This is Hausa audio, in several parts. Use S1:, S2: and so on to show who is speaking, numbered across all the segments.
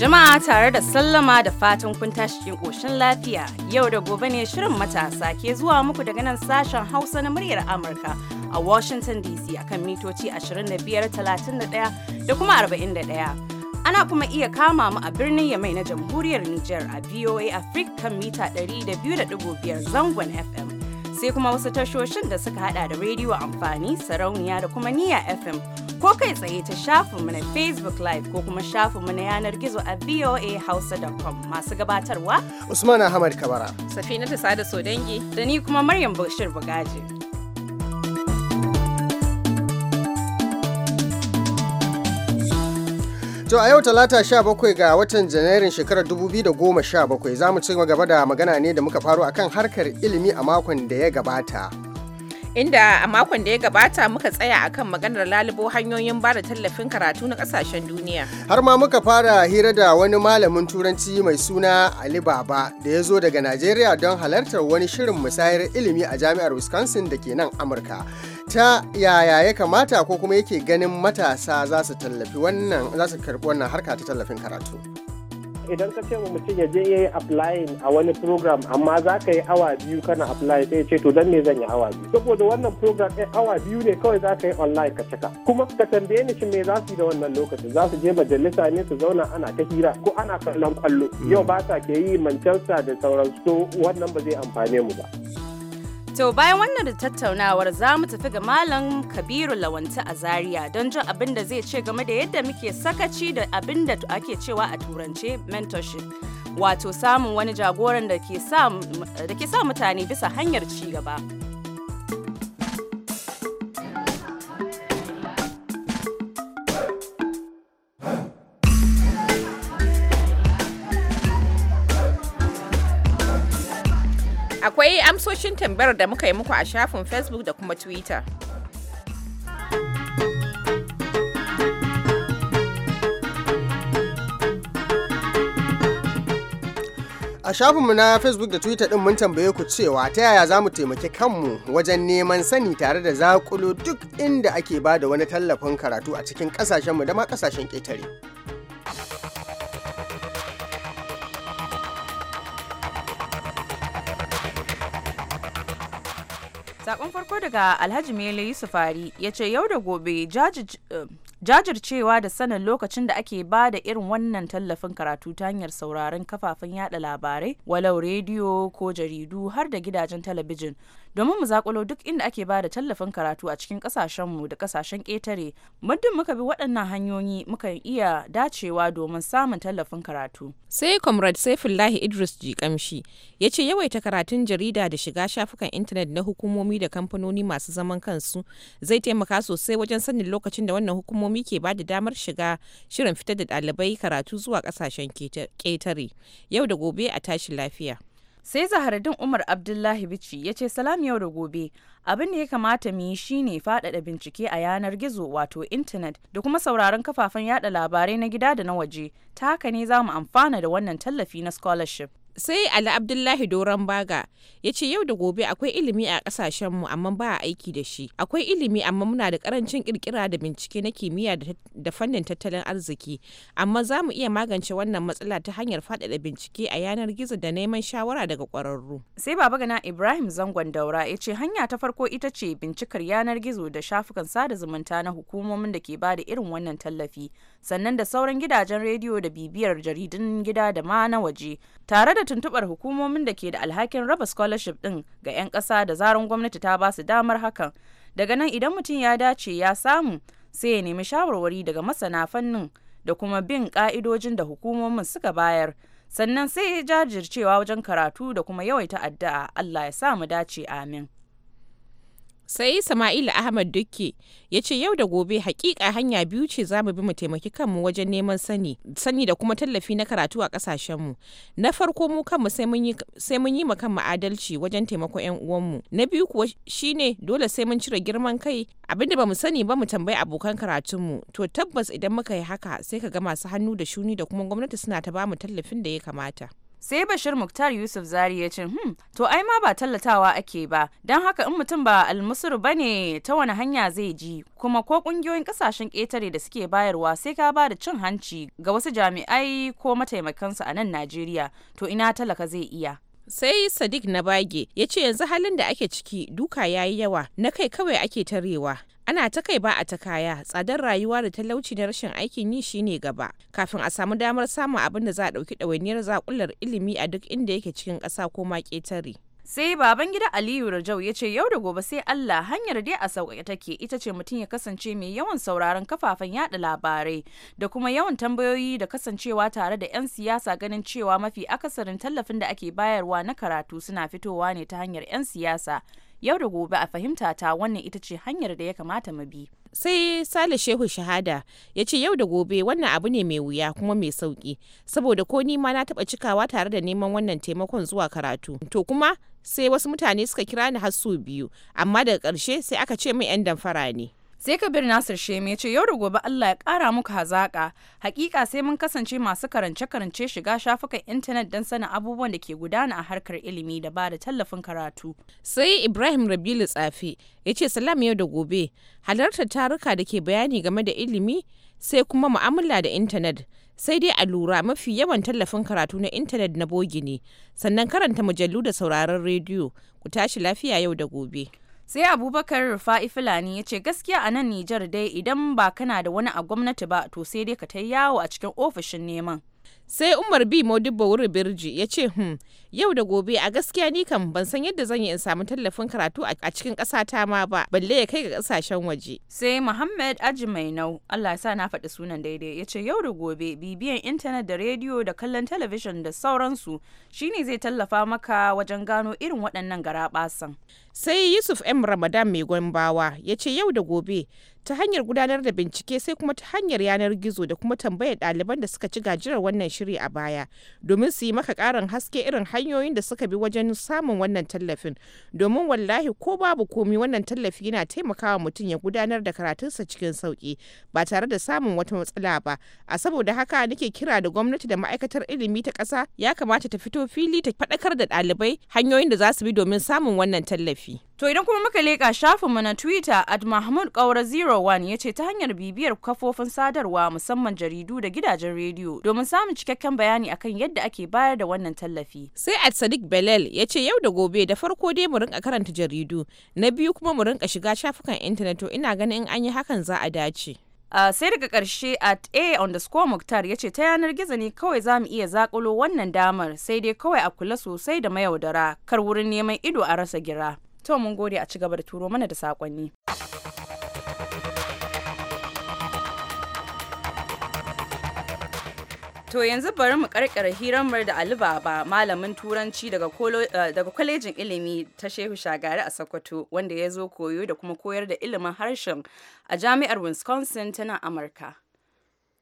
S1: Jama'a tare da sallama da fatan kun tashi cikin ƙoshin lafiya. Yau da gobe ne shirin matasa ke zuwa muku daga nan sashen Hausa na muryar Amurka a Washington DC akan mitoci 25, 31 da kuma 41. ana kuma iya kama mu a birnin Yamai na jamhuriyar Nijar a VOA Africa kan mita 200.5 zangon FM sai kuma wasu tashoshin da suka hada da rediyo amfani sarauniya da kuma niya fm ko kai tsaye ta shafinmu na facebook live ko kuma shafinmu na yanar gizo a voahausa.com masu gabatarwa
S2: usman ahmad kabara
S1: safina da sada dangi da ni kuma maryam bashir bugaji
S2: To a yau talata 17 ga watan Janairun shekarar 2017 za mu ci gaba da magana ne da muka faro akan harkar ilimi a makon da ya gabata.
S3: inda a makon da ya gabata muka tsaya akan maganar lalubo hanyoyin ba da tallafin karatu na kasashen duniya.
S2: Har ma muka fara hira da wani malamin turanci mai suna Ali Baba da ya zo daga Najeriya don halartar wani shirin musayar ilimi a jami'ar Wisconsin da ke nan Amurka. Ta yaya ya kamata ko kuma yake ganin matasa za su tallafi za su karɓi wannan harka ta tallafin karatu.
S4: idan ka ce mu mutum ya je yayi applying a wani program amma za ka yi awa biyu kana apply sai ce to dan me zan yi awa biyu saboda wannan program ɗin awa biyu ne kawai za ka yi online ka cika kuma ka tambaye ni shi me za su yi da wannan lokacin za su je majalisa ne su zauna ana ta hira ko ana kallon kwallo yau ba sa ke yi Manchester da sauransu to wannan ba zai amfane mu ba.
S1: To bayan wannan da tattaunawar za mu tafi ga Malam Kabiru Lawanta a Zaria don jin abin da zai ce game da yadda muke sakaci da abin da ake cewa a turance mentorship. Wato samun wani jagoran da ke sa mutane bisa hanyar ci gaba.
S3: akwai amsoshin tambayar da muka yi muku a shafin facebook da kuma twitter
S2: a shafinmu na facebook da twitter din mun tambaye ku cewa ta yaya za mu taimaki kanmu wajen neman sani tare da zakulo duk inda ake ba da wani tallafin karatu a cikin kasashenmu da ma kasashen ƙetare.
S1: Sakon farko daga Alhaji Mele Yusufari ya ce yau da gobe eh, jajircewa da sanin lokacin da ake ba da irin wannan tallafin karatu ta hanyar sauraron kafafen yada labarai walau rediyo ko jaridu har da gidajen talabijin domin mu zakulo duk inda ake ba da tallafin karatu a cikin kasashenmu da kasashen ƙetare muddin muka bi waɗannan hanyoyi muka iya dacewa domin samun tallafin karatu
S3: sai comrade saifullahi idris kamshi ya ce yawaita karatun jarida da shiga shafukan intanet na hukumomi da kamfanoni masu zaman kansu zai taimaka sosai wajen sanin lokacin da wannan hukumomi hukumomi ke ba da damar shiga shirin fitar da dalibai karatu zuwa kasashen ketare Yau da gobe a tashin lafiya. sai zaharadin umar abdullahi bici ya
S1: ce salam yau da gobe abin da ya kamata mu yi shine faɗaɗa bincike a yanar gizo wato intanet da kuma sauraron kafafen yada labarai na gida da na waje ta haka ne za mu amfana
S3: da wannan tallafi na scholarship sai ali abdullahi doron baga ya ce yau da gobe akwai ilimi a kasashenmu amma ba a aiki da shi akwai ilimi amma muna da karancin kirkira da bincike na kimiyya da fannin tattalin arziki amma za mu iya magance wannan matsala ta hanyar faɗaɗa bincike a yanar gizo da neman shawara daga kwararru. sai baba gana ibrahim zangon
S1: daura ya ce hanya ta farko ita ce bincikar yanar gizo da shafukan sada zumunta na hukumomin da ke ba da irin wannan tallafi sannan da sauran gidajen rediyo da bibiyar jaridun gida da ma na waje tare da da tuntubar hukumomin da ke da alhakin raba scholarship din ga 'yan ƙasa da zaron gwamnati ta ba su damar hakan. Daga nan idan mutum ya dace ya samu sai ya nemi shawarwari daga masana fannin da kuma bin ka'idojin da hukumomin suka bayar. Sannan sai ya jajircewa wajen karatu da kuma yawaita addu'a Allah ya sa mu dace
S3: amin. sai Sama'ila Ahmad Dukke ya ce yau da gobe hakika hanya biyu ce za mu bi mu taimaki kanmu wajen neman sani sani da kuma tallafi na karatu a kasashenmu na farko mu kanmu sai mun yi ma kanmu adalci wajen taimakon yan uwanmu na biyu kuwa shine dole sai mun cire girman kai abinda ba mu sani ba mu tambayi abokan karatunmu to tabbas idan muka yi haka sai ka ga masu hannu da shuni da kuma gwamnati suna ta bamu tallafin da ya kamata
S1: sai bashir muktar yusuf zari ya ce hmm to ai ma ba tallatawa ake ba don haka in mutum ba almusur ba ne ta wani hanya zai ji kuma ko ƙungiyoyin ƙasashen ƙetare da suke bayarwa sai ka ba da cin hanci ga wasu jami'ai ko mataimakansu
S3: a nan najeriya to ina talaka zai iya sai sadiq na bage ya ce yanzu halin da ake ciki duka ya yi yawa na kai kawai ake tarewa ana ta kai ba a ta kaya tsadar rayuwa da talauci na rashin aikin yi shine gaba kafin a samu damar samun abin da za a dauki ɗawainiyar zakular ilimi a duk inda yake cikin ƙasa ko ma ƙetare. sai baban gida aliyu
S1: rajau ya ce yau da gobe sai allah hanyar dai a sauƙaƙe take ita ce mutum ya kasance mai yawan sauraron kafafen yada labarai da kuma yawan tambayoyi da kasancewa tare da 'yan siyasa ganin cewa mafi akasarin tallafin da ake bayarwa na karatu suna fitowa ne ta hanyar 'yan siyasa Yau da gobe a fahimta ta wannan ita ce hanyar da ya kamata mu bi.
S3: Sai Sale Shehu Shahada ya ce yau da gobe wannan abu ne mai wuya kuma mai sauki saboda ko ni ma na taɓa cikawa tare da neman wannan taimakon zuwa karatu. To kuma sai wasu mutane suka kira ni har biyu amma daga ƙarshe sai aka ce min 'yan damfara ne. sai kabir nasir sheme ce yau da gobe allah ya kara muku hazaka hakika sai mun kasance masu karance karance shiga
S1: shafukan intanet don sanin abubuwan da ke gudana a harkar ilimi da ba da tallafin karatu
S3: sai ibrahim rabilu tsafe ya ce salam yau da gobe halartar taruka da ke bayani game da ilimi sai kuma mu'amala da intanet sai dai a lura mafi yawan tallafin karatu na intanet na bogi ne sannan karanta mujallu da sauraron rediyo ku tashi lafiya yau da gobe
S1: sai abubakar rufa'i fulani ya ce gaskiya a nan nijar dai idan
S3: ba kana da wani a gwamnati ba to sai dai ka ta yawo a cikin ofishin neman sai umar bi modibbo wuri birji ya ce hmm, yau da gobe a gaskiya ni kam ban san yadda zan yi in samu tallafin karatu a cikin ƙasata ma ba balle ya kai ga ƙasashen waje sai muhammad aji
S1: mai nau allah sa na faɗi sunan daidai ya ce yau da gobe bibiyan intanet da rediyo da kallon talabijin da sauransu shine zai tallafa maka wajen gano irin waɗannan garaɓasan
S3: sai yusuf m ramadan mai gwambawa ya ce yau da gobe ta hanyar gudanar da bincike sai kuma ta hanyar yanar gizo da kuma tambayar ɗaliban da suka ci gajirar wannan shiri a baya domin su yi maka ƙarin haske irin hanyoyin da suka bi wajen samun wannan tallafin domin wallahi ko babu komi wannan tallafi yana taimakawa mutum ya gudanar da karatunsa cikin sauƙi ba tare da samun wata matsala ba a saboda haka nake kira da gwamnati da ma'aikatar ilimi ta ƙasa ya kamata ta fito fili ta faɗakar da ɗalibai hanyoyin da za su bi domin samun wannan tallafi. To idan kuma muka leƙa shafinmu na Twitter at Mahmud Kaura 01 ya ce ta hanyar
S1: bibiyar kafofin sadarwa musamman jaridu da gidajen rediyo domin samun cikakken bayani akan yadda ake bayar da wannan tallafi.
S3: Sai at Sadiq Belal ya ce yau da gobe da farko dai mu rinka karanta jaridu na biyu kuma mu rinka shiga shafukan intanet to ina ganin in an yi hakan za a dace. Uh, sai daga karshe at a underscore muktar ya ce ta yanar gizo ne kawai za mu iya zakulo
S1: wannan damar sai dai kawai a kula sosai da mayaudara kar wurin neman ido a rasa gira. To mun gode a ci gaba da turo mana da sakonni. To yanzu bari mu karkare hiranmar da Ali Baba malamin turanci eh, daga kwalejin ilimi ta Shehu Shagari a Sokoto wanda ya zo koyo da kuma koyar da ilimin harshen a jami'ar Wisconsin nan Amurka.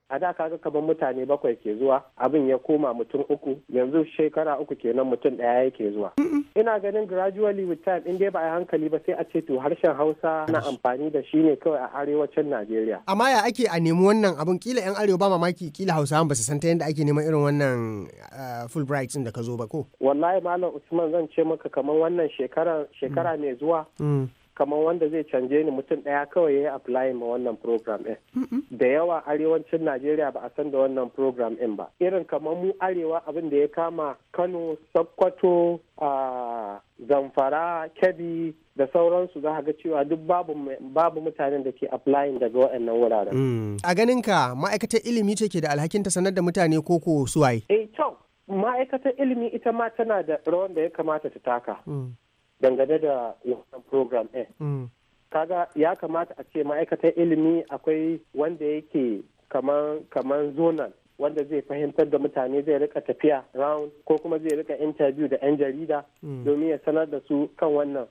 S4: a da kaga kamar mutane bakwai ke zuwa abin ya koma mutum uku yanzu shekara uku kenan mutum ɗaya yake zuwa
S1: ina ganin gradually with time in
S4: dai ba a hankali ba sai a ce to harshen hausa na amfani da shi ne kawai a arewacin najeriya
S2: amma ya ake a nemi wannan abin kila yan arewa ba mamaki kila hausawan ba su san ta yadda ake neman irin wannan ah, fulbright din da ka zo ba ko
S4: wallahi malam usman zan ce maka kamar wannan shekara shekara mm. mai zuwa mm. kamar wanda zai canje ni mutum ɗaya kawai ya yi apply ma wannan program ɗin. Da yawa arewacin Najeriya ba a san da wannan program ɗin ba. Irin kamar mu arewa abin da ya kama Kano, Sokoto, Zamfara, Kebbi da sauransu za ga cewa duk babu mutanen da ke applying daga waɗannan wuraren.
S2: Mm. A ganin ka ma'aikatar ilimi ce ke da alhakin ta sanar da mutane koko suwaye?
S4: Eh, kyau. Ma'aikatar ilimi ita ma tana da rawan da ya kamata ta taka. Mm. dangane da wannan program ɗin. Mm. Kaga ya kamata a ce ma'aikatan ilimi akwai wanda yake kaman kaman zonal wanda zai fahimtar da mutane zai rika tafiya round ko kuma zai rika interview da 'yan jarida mm. domin ya sanar da su kan wannan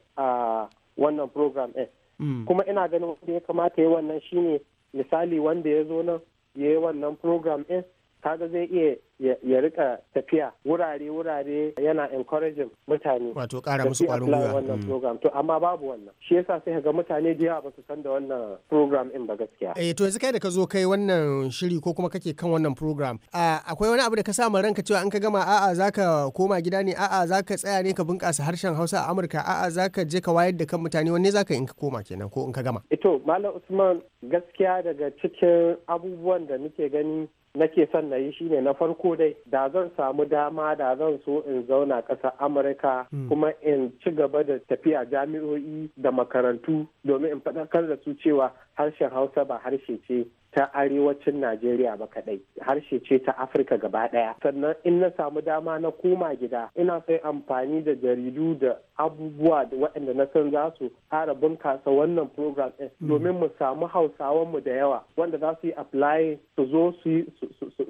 S4: wannan program ɗin. Mm. Kuma ina ganin wanda ya kamata ya wannan shine misali wanda ya zo nan ya yi wannan program ɗin kaga zai iya ya rika tafiya wurare-wurare yana encouraging mutane wato kara musu kwarin gwiwa wannan mm. program to amma babu wannan shi yasa sai ga mutane da yawa basu san da wannan program din ba gaskiya eh to
S2: yanzu kai da ka zo kai wannan shiri ko kuma kake kan wannan program akwai wani abu da ka sa ma ranka cewa an ka gama a'a zaka koma gida ne a'a zaka tsaya ne ka bunkasa harshen Hausa a Amurka a'a zaka je ka wayar da kan mutane wanne zaka in ka koma kenan ko in ka gama
S4: eh to malam Usman gaskiya daga cikin abubuwan da nake gani nake son na yi shine na farko dai da zan samu dama da zan so in zauna ƙasar amurka hmm. kuma in ci gaba da tafiya jami'o'i da makarantu domin in faɗakar da su cewa harshen hausa ba harshe ce ta arewacin Najeriya ba kaɗai harshe ce ta Afirka gaba ɗaya. sannan in na samu dama na koma gida ina sai amfani da jaridu da abubuwa da waɗanda na san za su ƙara bunkasa wannan program ɗin hmm. domin mu samu hausawan mu da yawa wanda za su yi apply su zo su yi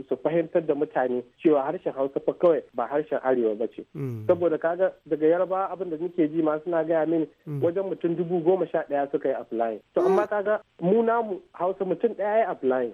S4: su fahimtar da mutane cewa harshen hausa fa kawai ba harshen arewa ba ce hmm. saboda kaga daga yarba abin da nake ji ma suna gaya mini hmm. wajen mutum dubu goma sha ɗaya suka yi apply to amma kaga mu namu hausa mutum ɗaya ya apply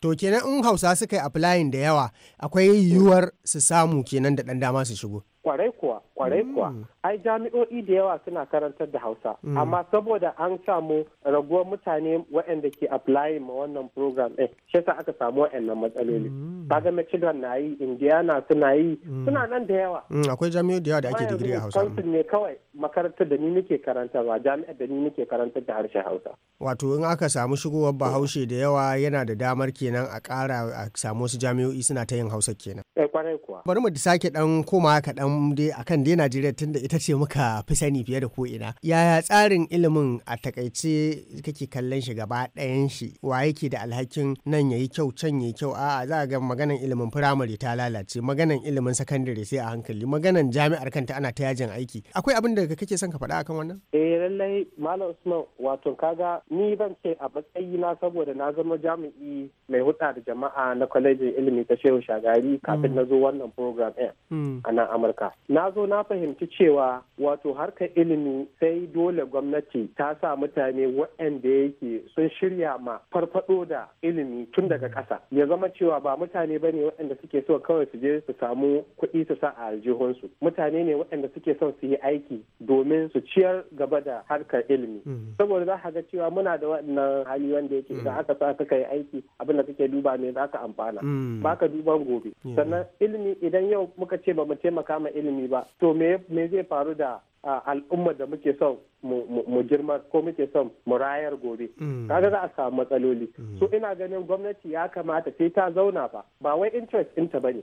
S2: To kenan in Hausa suka yi applying da yawa akwai yiwuwar su samu kenan da ɗan dama su shigo.
S4: kwarai kuwa kwarai kuwa mm. ai jami'o'i da yawa suna karantar da hausa mm. amma saboda an samu raguwar mutane waɗanda ke applying ma wannan program ɗin shi yasa aka samu waɗannan matsaloli mm. kaga michigan na yi indiana suna yi suna nan da yawa akwai jami'o'i da yawa da ake digiri a hausa ne kawai makarantar da ni nake karantarwa jami'ar da ni nake karantar da harshen hausa
S2: wato in aka samu shigowar bahaushe da yawa yana da damar kenan a kara a samu wasu jami'o'i suna ta yin hausa kenan
S4: eh, kwarai kuwa
S2: bari mu sake dan koma kaɗan musamman dai akan dai Najeriya tunda ita ce muka fi sani fiye da ko ina. Yaya tsarin ilimin a takaice kake kallon shi gaba ɗayan shi wa yake da alhakin nan yayi kyau can yayi kyau a'a za ga maganan ilimin firamare ta lalace maganan ilimin sakandare sai a hankali maganan jami'ar kanta ana ta yajin aiki. Akwai abin da kake son ka faɗa akan wannan?
S4: Eh lallai Malam Usman wato kaga ni ban ce a matsayi na saboda na zama jami'i mai hulɗa da jama'a na kwalejin ilimi ta Shehu Shagari mm. kafin na zo wannan program ɗin mm. a nan Amurka. haka na zo na fahimci cewa wato harkar ilimi sai dole gwamnati ta sa mutane waɗanda yake sun shirya ma farfado da ilimi tun daga ƙasa ya zama cewa ba mutane ba ne waɗanda suke so kawai su je su samu kuɗi su sa a aljihunsu mutane ne waɗanda suke son su yi aiki domin su ciyar gaba da harkar ilimi mm. saboda za ka ga cewa muna da waɗannan hali wanda yake idan mm. aka sa ka yi aiki abin da kake duba ne za ka amfana mm. ba ka duban gobe sannan ilimi idan yau muka ce ba mu taimaka ma mana ilimi ba to me zai faru da al'ummar da muke son mu girma ko muke son mu rayar gobe mm. kaga za a samu matsaloli mm. so ina ganin gwamnati ya kamata sai ta zauna fa ba wai interest ɗinta bane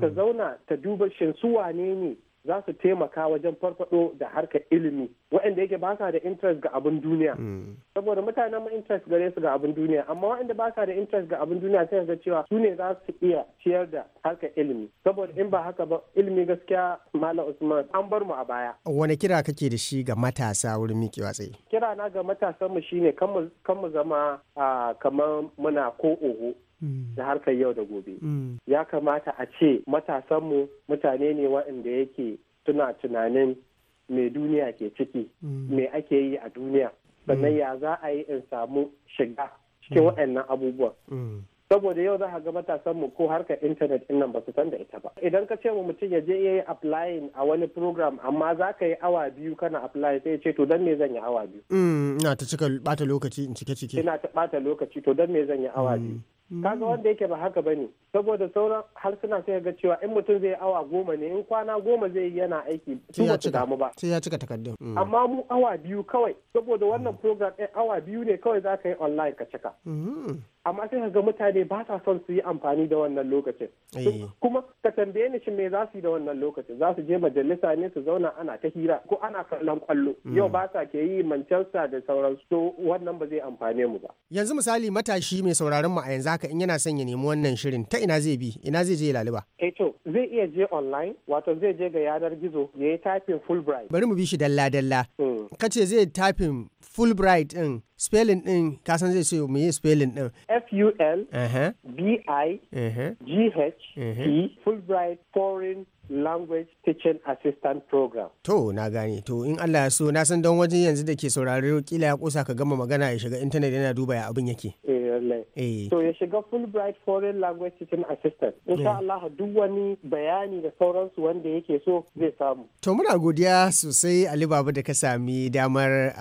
S4: ta mm. zauna ta duba shin su wane ne za su taimaka wajen farfado da harkar ilimi waɗanda yake ba sa da interest ga abin duniya hmm. saboda mutanen ma interest gare su ga abin duniya amma waɗanda ba sa da interest ga abin duniya sai ga cewa su ne za su iya ciyar da harkar ilimi saboda in ba haka ba ilimi gaskiya malam usman an bar mu a baya
S2: wani kira kake da shi ga matasa wurin miƙewa tsaye
S4: kira na ga matasan mu shine kan mu zama ah, kamar muna ko oho da mm. harkar yau da gobe mm. ya kamata a ce matasanmu mutane ne waɗanda yake suna tunanin me duniya ke ciki mm. me ake yi a duniya sannan ya za a yi in samu shiga cikin waɗannan abubuwan saboda yau za ka ga matasanmu ko harkar intanet innan nan ba su san da ita ba idan ka ce mu mutum ya je ya yi applying a wani program amma za ka yi awa biyu kana apply sai ya ce to dan me zan yi awa biyu
S2: ina ta cika bata lokaci in cike cike ina
S4: ta bata lokaci to dan me zan yi awa biyu Mm. kaga wanda yake ba haka bane saboda sauran harsuna sai ga cewa in mutum zai awa goma ne in kwana goma zai yi yana aiki
S2: su ba su damu ba sai ya cika takardun mm. amma
S4: mu awa biyu kawai saboda wannan mm. program ɗin eh, awa biyu ne kawai za ka yi online ka cika amma sai ka ga mutane ba sa son su yi amfani da wannan lokacin eh. kuma ka tambaye ni shin me za su yi da wannan lokacin za su je majalisa ne su zauna ana ta hira ko ana kallon kwallo mm. yau ba sa ke yi Manchester da sauran so wannan ba zai amfane mu ba
S2: yanzu misali matashi mai sauraron mu a yanzu haka in yana son ya nemi wannan shirin ta ina zai bi ina zai je laliba
S4: eh to zai iya je online wato zai je ga yanar gizo ya yi tafin Fulbright
S2: bari mu bi shi dalla dalla mm. kace zai tafin Fulbright din spelling din ka san zai ce mu yi spelling din
S4: f u l b i g h e, fulbright foreign language teaching assistant program
S2: to na gane to in Allah ya so na san don wajen yanzu da ke saurari kila ya kusa ka gama magana ya shiga intanet yana duba ya abin yake
S4: eh, eh. to ya shiga Fulbright foreign language teaching assistant eh. insha Allah duk wani bayani da sauransu wanda yake so zai samu
S2: to muna godiya sosai Ali Baba da ka sami damar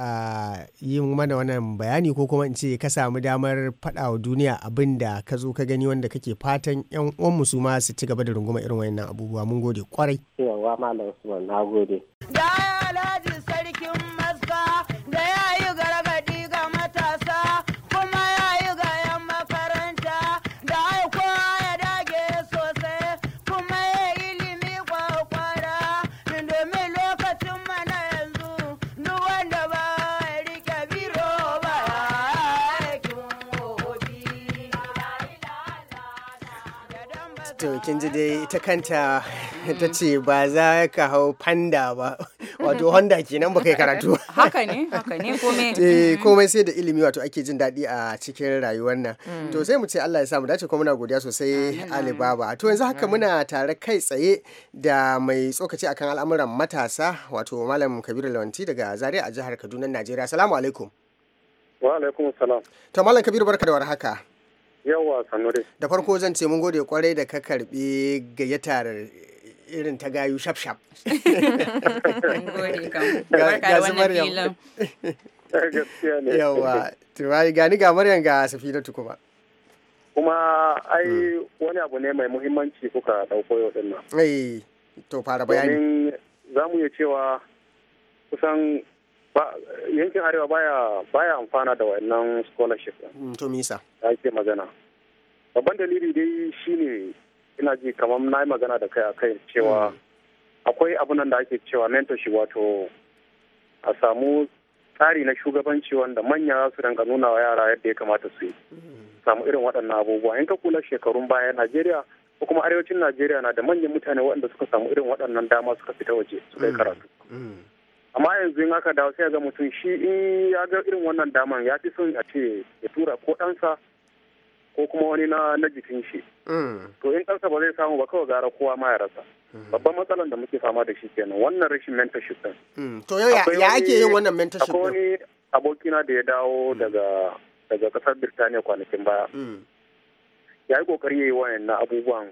S2: yin mana wannan bayani ko kuma in ce ka samu damar faɗa wa duniya abin da ka zo ka gani wanda kake fatan yan uwan su ma su ci gaba da runguma irin wayannan abubuwa mun gode gode kwarai.
S4: Yawa Malam Usman, na gode. Da
S1: Alhaji Sarkin Maska da ya yi gargaɗi ga matasa kuma ya yi ga 'yan makaranta da aiko ya dage sosai kuma ya ilimi kwakwara domin lokacin mana yanzu duk wanda ba rike biro ba aikin hobi.
S2: To, ji dai ita kanta ta ce ba za ka hau panda ba wato honda kenan ba kai karatu
S1: haka ne haka ne komai eh, komai
S2: sai da ilimi wato ake jin daɗi a cikin rayuwar nan mm. to sai mu ce Allah ya samu dace kuma muna godiya sosai Alibaba to yanzu haka muna tare kai tsaye da mai tsokaci akan al'amuran matasa wato malam Kabiru Lawanti daga Zaria a jihar Kaduna Najeriya assalamu alaikum
S5: wa alaikum salam
S2: to malam Kabiru barka da warhaka
S5: yawa sanure.
S2: da farko zan ce mun gode kwarai da ka karbi gayyatar irin ta gayu shaf shaf yawa tuwayi gani ga maryam ga safinatu kuma
S5: kuma ai hmm. wani abu ne mai muhimmanci kuka dauko yau din
S2: nan to fara bayani
S5: za mu iya cewa kusan yankin arewa baya baya amfana da wayannan scholarship
S2: hmm, to misa
S5: ke magana babban dalili dai shine ina ji kamar na yi magana da kai a kai cewa hmm. akwai abunan da ake cewa mentorship wato a samu tsari na shugabanci wanda manya za su rinka nuna wa yara yadda ya kamata su yi hmm. samu irin waɗannan abubuwa in ka kula shekarun baya najeriya ko kuma arewacin najeriya na da manyan mutane waɗanda suka samu irin waɗannan dama suka fita waje su kai hmm. karatu amma yanzu in aka dawo sai ga mutum shi in ya ga irin wannan daman ya fi son a ce ya tura ko ɗansa ko kuma wani na na jikin shi mm. to in ɗansa ba zai samu ba kawai gara kowa ma ya rasa mm. babban matsalan da muke fama da shi kenan wannan rashin mentorship din
S6: mm. to ya ake yin wannan mentorship akwai wani
S5: abokina da ya dawo daga daga kasar birtaniya kwanakin baya ya yi kokari ya yi na abubuwan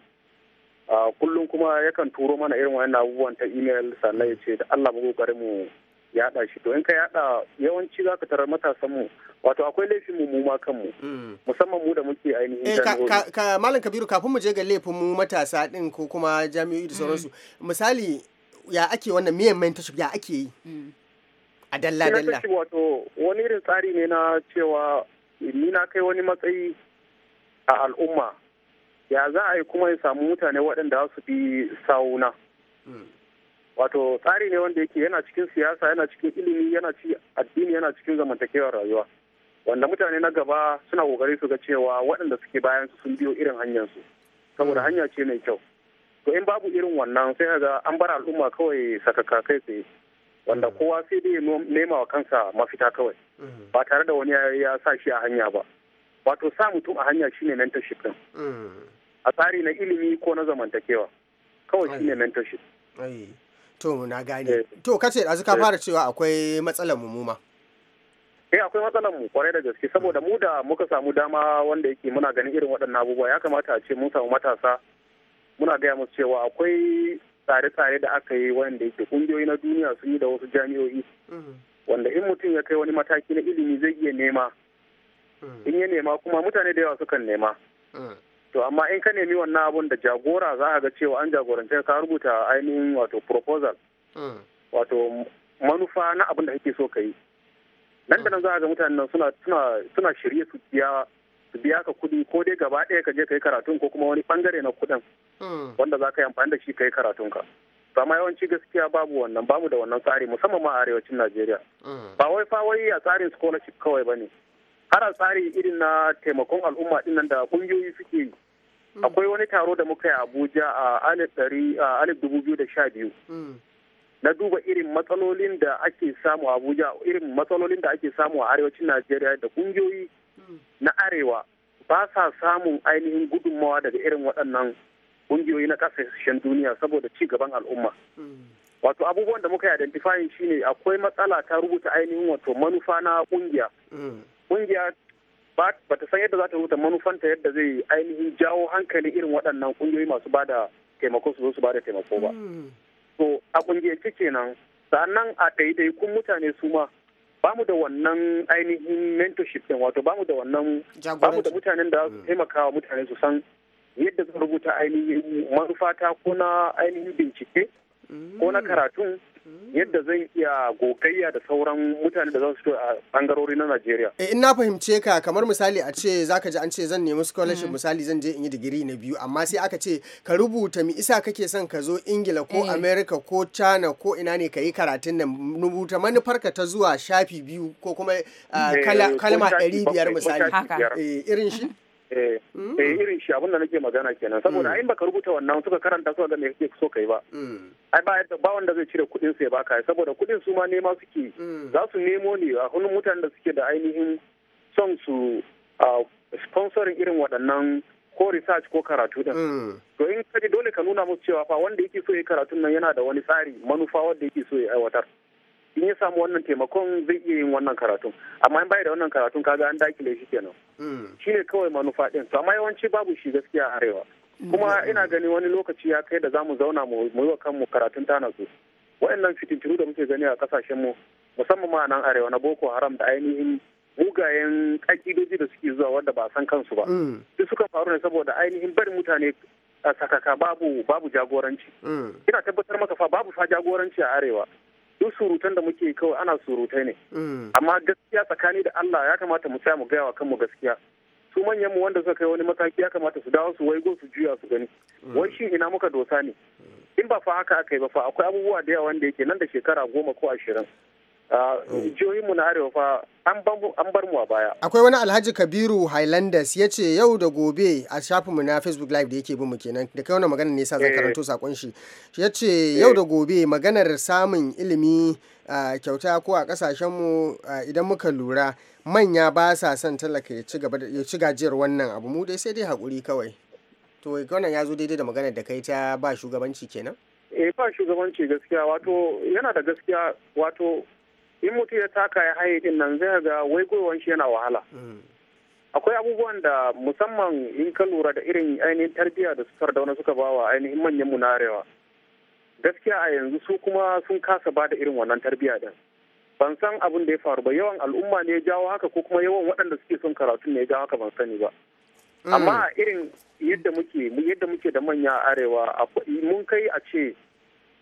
S5: ah, kullum kuma yakan turo mana irin na abubuwan ta email sannan ya ce da allah mu kokari mu yaɗa shi to in ka yaɗa yawanci za ka tarar matasan mu wato akwai laifin mu ma kanmu hmm. musamman mu da muke ainihin eh, ka,
S2: ka, malam kabiru kafin mu je ga laifin mu matasa din ko kuma jami'o'i da hmm. sauransu misali ya ake wannan miyan mentorship ya ake yi hmm. a dalla dalla
S5: wato wani irin tsari ne na cewa ni na kai wani matsayi a al'umma ya za a yi kuma ya samu mutane waɗanda su bi sawuna wato tsari ne wanda yake yana cikin siyasa yana cikin ilimi yana cikin addini yana cikin zamantakewar rayuwa wanda mutane na gaba suna kokari su ga cewa waɗanda suke bayan su sun biyo irin hanyar su saboda hmm. hanya ce mai kyau to in babu irin wannan sai ga an bar al'umma kawai sakaka kai tsaye wanda hmm. kowa sai dai nema wa kansa mafita kawai hmm. ba tare da wani ya sa shi a hanya ba wato
S2: sa mutum a hanya shine mentorship din
S5: a tsari na ilimi ko na zamantakewa kawai shine mentorship
S2: to na gane eh. to kace da ka eh. fara cewa akwai matsalar mu ma
S5: eh akwai matsalar mu kwarai da gaske saboda mu da muka samu dama wanda yake muna ganin irin waɗannan abubuwa ya kamata a ce mun samu matasa muna gaya musu cewa akwai tsare-tsare da aka yi wanda yake kungiyoyi na duniya sun yi da wasu jami'o'i mm-hmm. wanda in mutum ya kai wani mataki na ilimi zai iya nema mm. in ya nema kuma mutane da yawa sukan nema mm. to amma in ka nemi wannan abun da jagora za a ga cewa an jagorance ka rubuta ainihin wato proposal hmm. wato manufa na abin da kake so ka yi nan da nan za a ga mutanen suna suna shirye su biya su biya ka kuɗi ko dai gaba ɗaya ka je ka yi karatun ko kuma wani bangare na kuɗin hmm. wanda za ka yi amfani da shi ka yi karatun ka amma yawanci gaskiya babu wannan babu da wannan tsari musamman ma arewacin Najeriya hmm. ba wai fa wai a tsarin scholarship kawai bane har a tsari irin na taimakon al'umma dinnan da kungiyoyi suke akwai wani taro da muka yi abuja a alif dubu biyu da sha biyu hmm. na duba irin matsalolin da ake samu abuja irin matsalolin da ake samu a arewacin najeriya da kungiyoyi hmm. na arewa ba sa samun ainihin gudunmawa daga irin waɗannan kungiyoyi na ƙasashen duniya saboda ci gaban al'umma hmm. wato abubuwan da muka yi identifying shine akwai matsala ta rubuta ainihin wato manufa na kungiya kungiya ba ta san yadda za ta rubuta manufanta yadda zai ainihin jawo hankali irin waɗannan ƙungiyoyi masu ba da taimako su zo su ba da taimako ba. So hmm. a ƙungiyance kenan sannan a kun mutane su ma ba mu da wannan ainihin mentorship ɗin wato ba mu da wannan ba mu da mutanen da su hmm. taimaka wa mutane su san yadda zan rubuta ainihin manufata ko na ainihin bincike ko na hmm. karatun yadda zai iya gogayya da sauran mutane da za su a bangarori na Najeriya.
S2: Eh, in na fahimce ka kamar misali a ce zaka ji an ce zan nemi scholarship mm. misali zan je in yi digiri na biyu amma sai aka ce ka rubuta mi isa kake son ka zo Ingila ko eh. America ko China ko ina ne ka yi karatun nan rubuta manufarka ta zuwa shafi biyu ko kuma ah, eh, kalma ɗari biyar misali. Irin
S5: shi? Mhm. Eh, mm. eh irin shi abin da nake magana kenan saboda mm. in baka rubuta wannan suka karanta su ga me kake so kai ba mm. ai ba ba wanda zai cire kuɗin sai baka saboda kuɗin su ma nema
S6: suke za
S5: su nemo ne a hannun mutanen da suke da ainihin son su a sponsoring irin waɗannan ko research ko karatu din to in kaji dole ka nuna musu cewa fa wanda yake so ya karatun nan yana da wani tsari manufa wanda yake so ya aiwatar in ya samu wannan taimakon zai iya yin wannan karatun amma in bai da wannan karatun kaga an dakile shi kenan hmm. shine kawai manufa din to amma yawanci babu shi gaskiya a arewa hmm. kuma hmm. ina gani wani lokaci ya kai da zamu zauna mu yi wa kanmu karatun tana su waɗannan fitintiru da muke gani a kasashen mu musamman ma nan arewa na boko haram da ainihin mugayen ƙa'idoji da suke zuwa wanda ba a san kansu ba duk suka faru ne saboda ainihin barin mutane a sakaka babu babu jagoranci ina tabbatar maka fa babu fa jagoranci a arewa duk surutan da muke kawai ana surutai ne mm. amma gaskiya tsakani da Allah ya kamata mu tsaya mu gaya wa kanmu gaskiya su manyan mu wanda suka kai wani mataki ya kamata su dawo su waigo su juya su gani mm. wai shi ina muka dosa ne mm. in ba fa haka aka yi ba fa akwai abubuwa da yawa wanda yake nan da shekara goma ko ashirin jihohinmu na arewa fa an bar mu a baya.
S2: Akwai wani Alhaji Kabiru Highlanders ya ce yau da gobe a shafin mu na Facebook Live da yake bin mu kenan da kai wani magana ne sa zan eh. karanto sakon shi. Ya ce yau da eh. gobe maganar samun ilimi kyauta ko a kasashen mu idan muka lura manya ba sa son talaka ya ci gajiyar wannan abu mu dai sai dai hakuri kawai. To wannan ya zo daidai da maganar da kai ta ba shugabanci kenan?
S5: Eh ba shugabanci gaskiya wato yana da gaskiya wato in mutum ya taka ya haye din nan zai ga wai waigowan shi yana wahala mm. akwai abubuwan da musamman in ka lura da irin ainihin tarbiyya da da wani suka bawa ainihin manyan mu na arewa gaskiya a yanzu su kuma sun kasa ba da irin wannan tarbiyya din ban san abin da ya faru ba yawan al'umma ne ya jawo haka ko kuma yawan waɗanda suke son karatu ne ya jawo haka ban sani ba mm. amma irin yadda muke yadda muke da manya arewa mun kai a ce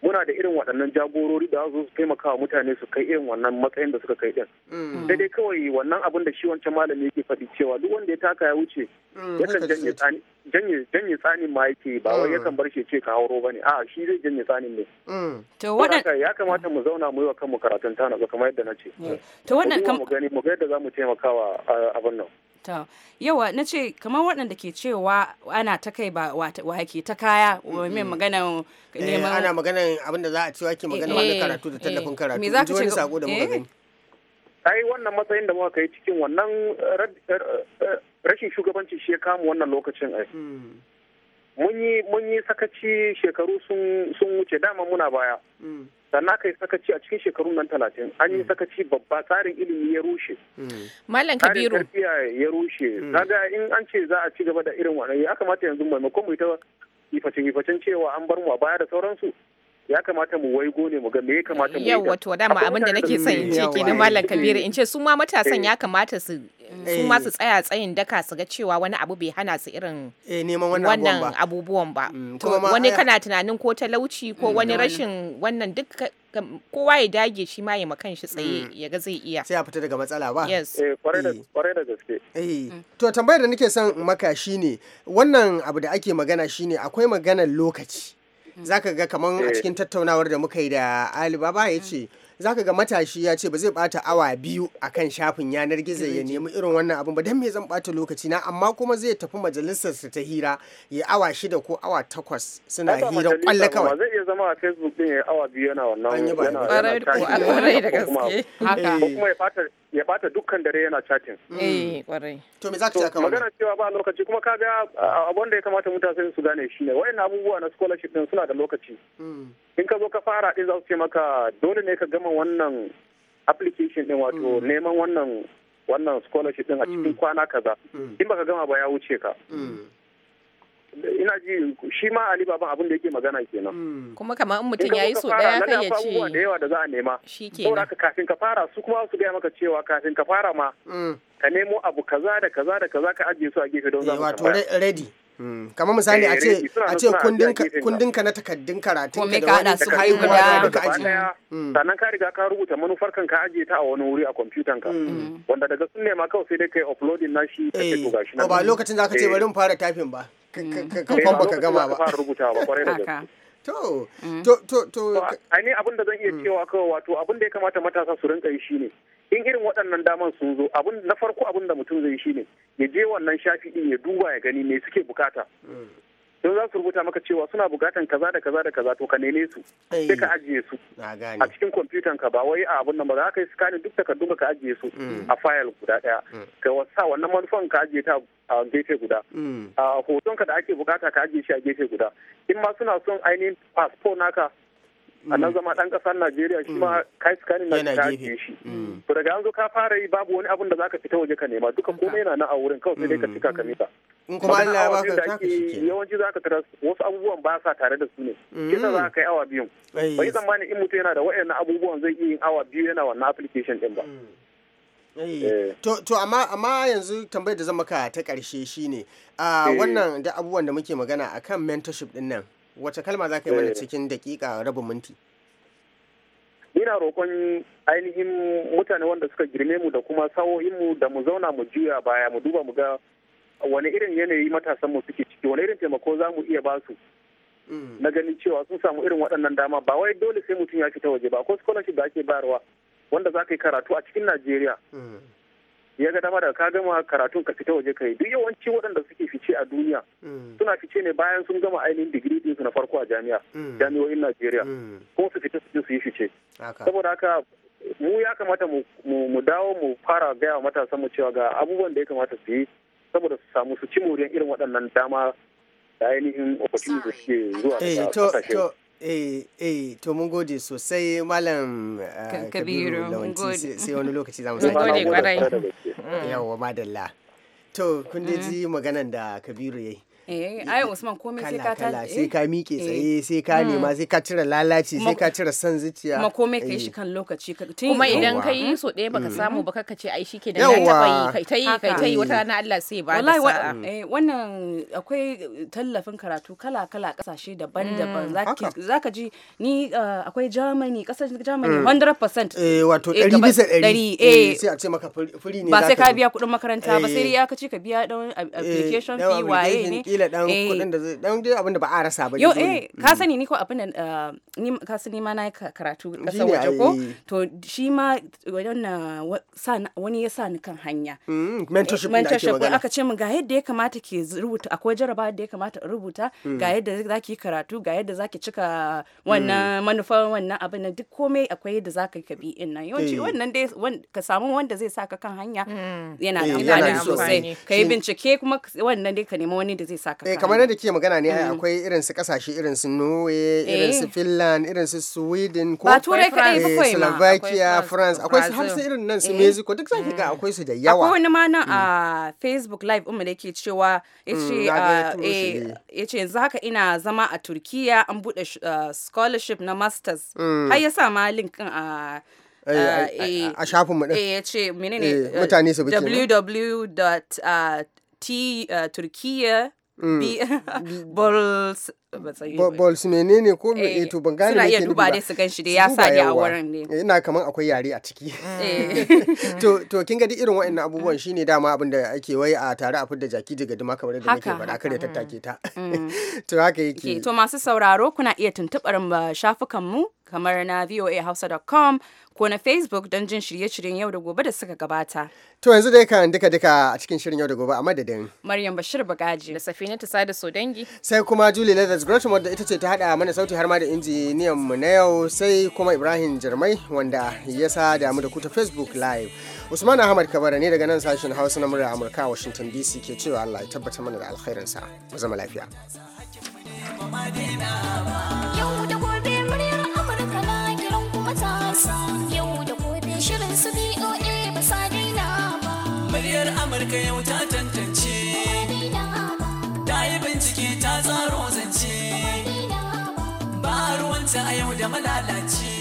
S5: muna da irin waɗannan jagorori da su taimaka wa mutane su kai irin wannan matsayin da suka kai ɗin. Mm. sai dai kawai wannan abin da shi wancan malami yake faɗi cewa duk wanda ya taka ya wuce mm. yakan janye tsani janye tsanin ma yake ba wai mm. yakan bar shi ce ka hauro bane a shi zai janye tsanin ne to wadan ya kamata mu zauna mu yi wa kanmu karatun tana kamar yadda na ce to wannan mu gani mu ga yadda mu taimaka wa abin nan
S1: ta yawa na ce kamar waɗanda ke cewa ana ta kai ba wa ke ta kaya mai magana eh, neman ana magana abinda za a cewa ke magana wani eh, eh. karatu da tallafin karatu me za ka ce sako da muka
S2: gani
S5: ai wannan matsayin da muka kai cikin wannan rashin shugabanci shi ya kama wannan lokacin ai mm. mun yi sakaci shekaru sun wuce dama muna baya mm. sannan aka yi sakaci a cikin shekarun nan talatin an yi mm. sakaci babba tsarin ilimi ya rushe
S3: mm. malam kabiru
S5: tsarin ya rushe mm. kaga in an ce za a ci gaba da irin wannan ya kamata yanzu maimakon mu ta ifacin ifacin cewa an bar mu a baya da sauransu ya kamata mu waigo ne mu ga me ya kamata mu yawa to dama abinda nake son in ce kenan mallam kabiru in
S3: ce su ma matasan eh. ya kamata su su ma su eh. tsaya tsayin daka su ga cewa wani abu bai hana su irin eh, wannan abubuwan ba mm, wani kana tunanin ko talauci ko mm, wani rashin wannan duk kowa ya dage shi ma ya makan shi tsaye mm. ya ga zai iya sai a fita daga matsala ba yes
S2: kwarai da gaske
S3: to tambayar da nake
S2: son maka shine wannan abu da ake magana shine akwai maganar lokaci Mm. zaka ga kaman a eh. cikin tattaunawar da muka yi da Ali Baba ya mm. ce zaka ga matashi ya ce ba zai bata awa biyu akan shafin yanar gizo ya nemi irin wannan abin ba dan me zan bata lokaci na amma kuma zai tafi majalisar su ta hira ya awa shida ko awa takwas suna hira kwalla
S5: kawai zai iya zama a Facebook din ya awa biyu yana wannan yana da gaske
S3: haka kuma
S5: ya fata ya bata dukkan dare yana chatting. Mm. Eh,
S3: kwarai. To me za ka ce Magana
S5: cewa ba lokaci kuma kaga abin da ya kamata mutane su gane shi ne wayannan abubuwa na scholarship din suna da lokaci. Mm. In ka zo ka fara din za su ce maka dole ne ka gama wannan application din wato mm. neman wannan wannan scholarship din a cikin kwana kaza. In baka gama ba ya wuce ka. ina ji shi ma Ali Baban abin da yake magana kenan. Hmm.
S3: Kuma kamar in mutum ya yi so ɗaya kai ya ce.
S5: da yawa da za a nema. Shi kenan. kafin ka fara su kuma su ga maka cewa kafin ka fara ma. Hmm. Ka nemo abu kaza da kaza da kaza ka ajiye su a gefe don za mu eh, fara. ready.
S2: Hmm. kamar misali eh, a ce a ce ka na takaddun karatun ka da wani su hayu guda ka aji
S5: sannan ka riga ka rubuta manufar kan ka ajiye ta a wani wuri a kwamfutan ka wanda daga sun nema kawai sai dai kai uploading na shi take to eh, gashi ba lokacin za ka ce bari mu fara
S2: typing ba kafan baka gama ba fara rubuta ba
S5: mm. to to to A ne abin da zan iya mm. cewa kawai wato abin da ya kamata matasa su rinka yi shine in irin waɗannan daman sun zo abin na farko abin da mutum zai shine ya je wannan shafi din ya duba ya gani me suke bukata mm. don za su rubuta maka cewa suna bukatan kaza da kaza da kaza to ka nene su eh. sai ka ajiye su a cikin kwamfutan ka ba wai a abun nan ba za ka yi scanning duk takardun ka ajiye su mm. a file guda daya mm. ka sa wannan manufan ka ajiye ta a gefe guda mm. a hoton ka da ake bukata ka ajiye shi a gefe guda in ma suna son ainihin passport naka a nan zama dan kasar Najeriya shi ma mm. kai scanning na ta shi mm. to daga yanzu ka fara yi babu wani abun da zaka fita waje ka nema duka komai yana na a wurin kawai sai dai ka cika ka nisa. Mm. in kuma Allah ya baka ta shi yawanci zaka tara wasu abubuwan ba sa tare da su ne kisa za ka yi awa biyu bai tsammani in mutu yana da na abubuwan zai iya yin awa biyu yana wannan application din ba
S2: eh. To amma amma yanzu tambayar da zama ka ta ƙarshe shine a ah, eh. wannan da abubuwan da muke magana akan mentorship din nan wace kalma za ka yi mana eh. cikin dakika rabin minti
S5: ina roƙon ainihin mutane wanda suka girme mu da kuma mu da mu zauna mu juya baya mu duba mu ga wani irin yanayi matasanmu suke ciki wani irin taimako za mu iya ba su mm. na ganin cewa sun samu irin waɗannan dama ba wai dole sai mutum ya fita waje ba ko scholarship da ake bayarwa wanda za ka yi karatu a cikin najeriya mm. ya ga dama da ka gama karatun ka fita waje kai duk yawanci waɗanda suke fice a duniya mm. suna fice ne bayan sun gama ainihin digiri din su na farko a jami'a mm. jami'o'in Najeriya mm. ko su fita su je su yi fice saboda haka mu ya kamata mu dawo mu fara gaya matasan mu cewa ga abubuwan da ya kamata su yi saboda su samu su ci moriyar irin waɗannan dama da ainihin opportunity da suke zuwa eh, da kasashe
S2: eh eh to mun gode sosai malam eh, kabiru sai wani lokaci za mu sake gode madalla to kun dai mm. ji maganan da kabiru yayi
S1: Eh, eh ai Usman komai sai ka ta eh? sai ka
S2: mike tsaye eh. sai ka hmm. nema sai ka cire lalaci sai ka cire san zuciya kuma komai kai shi
S1: kan lokaci
S3: kuma idan ka yi so ɗaya baka hmm. samu ba kaka ce ai shike da na taɓa yi kai ta yi kai ta hmm. wata rana Allah sai ba da sa'a
S1: wannan akwai tallafin karatu kala kala kasashe daban-daban zaka ji ni akwai Germany kasar Germany 100% eh wato 100 bisa eh sai
S2: a ce maka furi ne ba sai ka biya kuɗin makaranta ba sai ya
S1: ka ci ka biya dan application fee waye ne kila dan eh. kudin
S2: da zai dan dai abinda ba a rasa ba yo eh
S1: ka mm. sani ni ko abin da eh, ni ka sani ma na karatu kasan waje ko to shi ma wani ya sa ni kan hanya
S6: mm, mentorship da ake magana aka
S1: ce mun ga yadda ya kamata ke rubuta akwai jaraba da ya kamata rubuta mm. ga yadda zaki karatu ga yadda zaki cika wannan manufar wannan abin nan duk komai akwai yadda zaka kabi din nan yawanci eh. wannan dai ka samu wanda zai saka kan hanya yana da amfani sosai ka yi bincike kuma wannan dai ka nemi wani da zai sa eh, kamar yadda
S2: ke magana ne mm. akwai irin su kasashe irin su Norway irin su eh. Finland irin su Sweden ko ba turai kadai ba kai Slovakia France akwai su har su irin nan su eh. Mexico duk zaki ga mm. akwai su da yawa akwai wani
S1: ma nan mm. a ah, Facebook live umma da ke cewa yace ah, eh, yace yanzu haka ina zama a Turkiya an bude ah, scholarship na masters har sa ma linkin a a shafin mu din eh yace menene mutane su bi Turkiya 比 Bols。matsayi
S2: balls menene ko me eh, eh to ban gane suna iya duba dai su ganshi dai ya sa a wurin ne eh, ina kaman akwai yare a ciki eh. to to kin ga duk irin waɗannan abubuwan shine dama abin da ake wai a tare a fidda jaki daga duma kamar yadda muke faɗa kare tattake ta mm. to haka yake to
S1: masu sauraro kuna iya tuntubar um, shafukan mu kamar na voahausa.com ko na facebook don jin shirye-shiryen yau da gobe da suka gabata.
S2: To yanzu dai kan duka duka a cikin shirin yau da gobe a madadin.
S1: Maryam Bashir Bagaji. Da Safina sada so Sodangi. Sai kuma Julie Leather Julius Gresham wadda ita ce ta hada mana sauti
S2: har ma da injiniyan mu na yau sai kuma Ibrahim Jirmai wanda ya sa damu da ku ta Facebook Live. Usman Ahmad Kabara ne daga nan sashen Hausa na murya Amurka a Washington DC ke cewa Allah ya tabbata mana da alkhairinsa. Mu zama lafiya.
S3: Yau da gobe muryar Amurka na kiran kuma ta yau da gobe shirin su BOA ba sa daina ba. Muryar Amurka yau
S1: ta tantance a yau da malalaci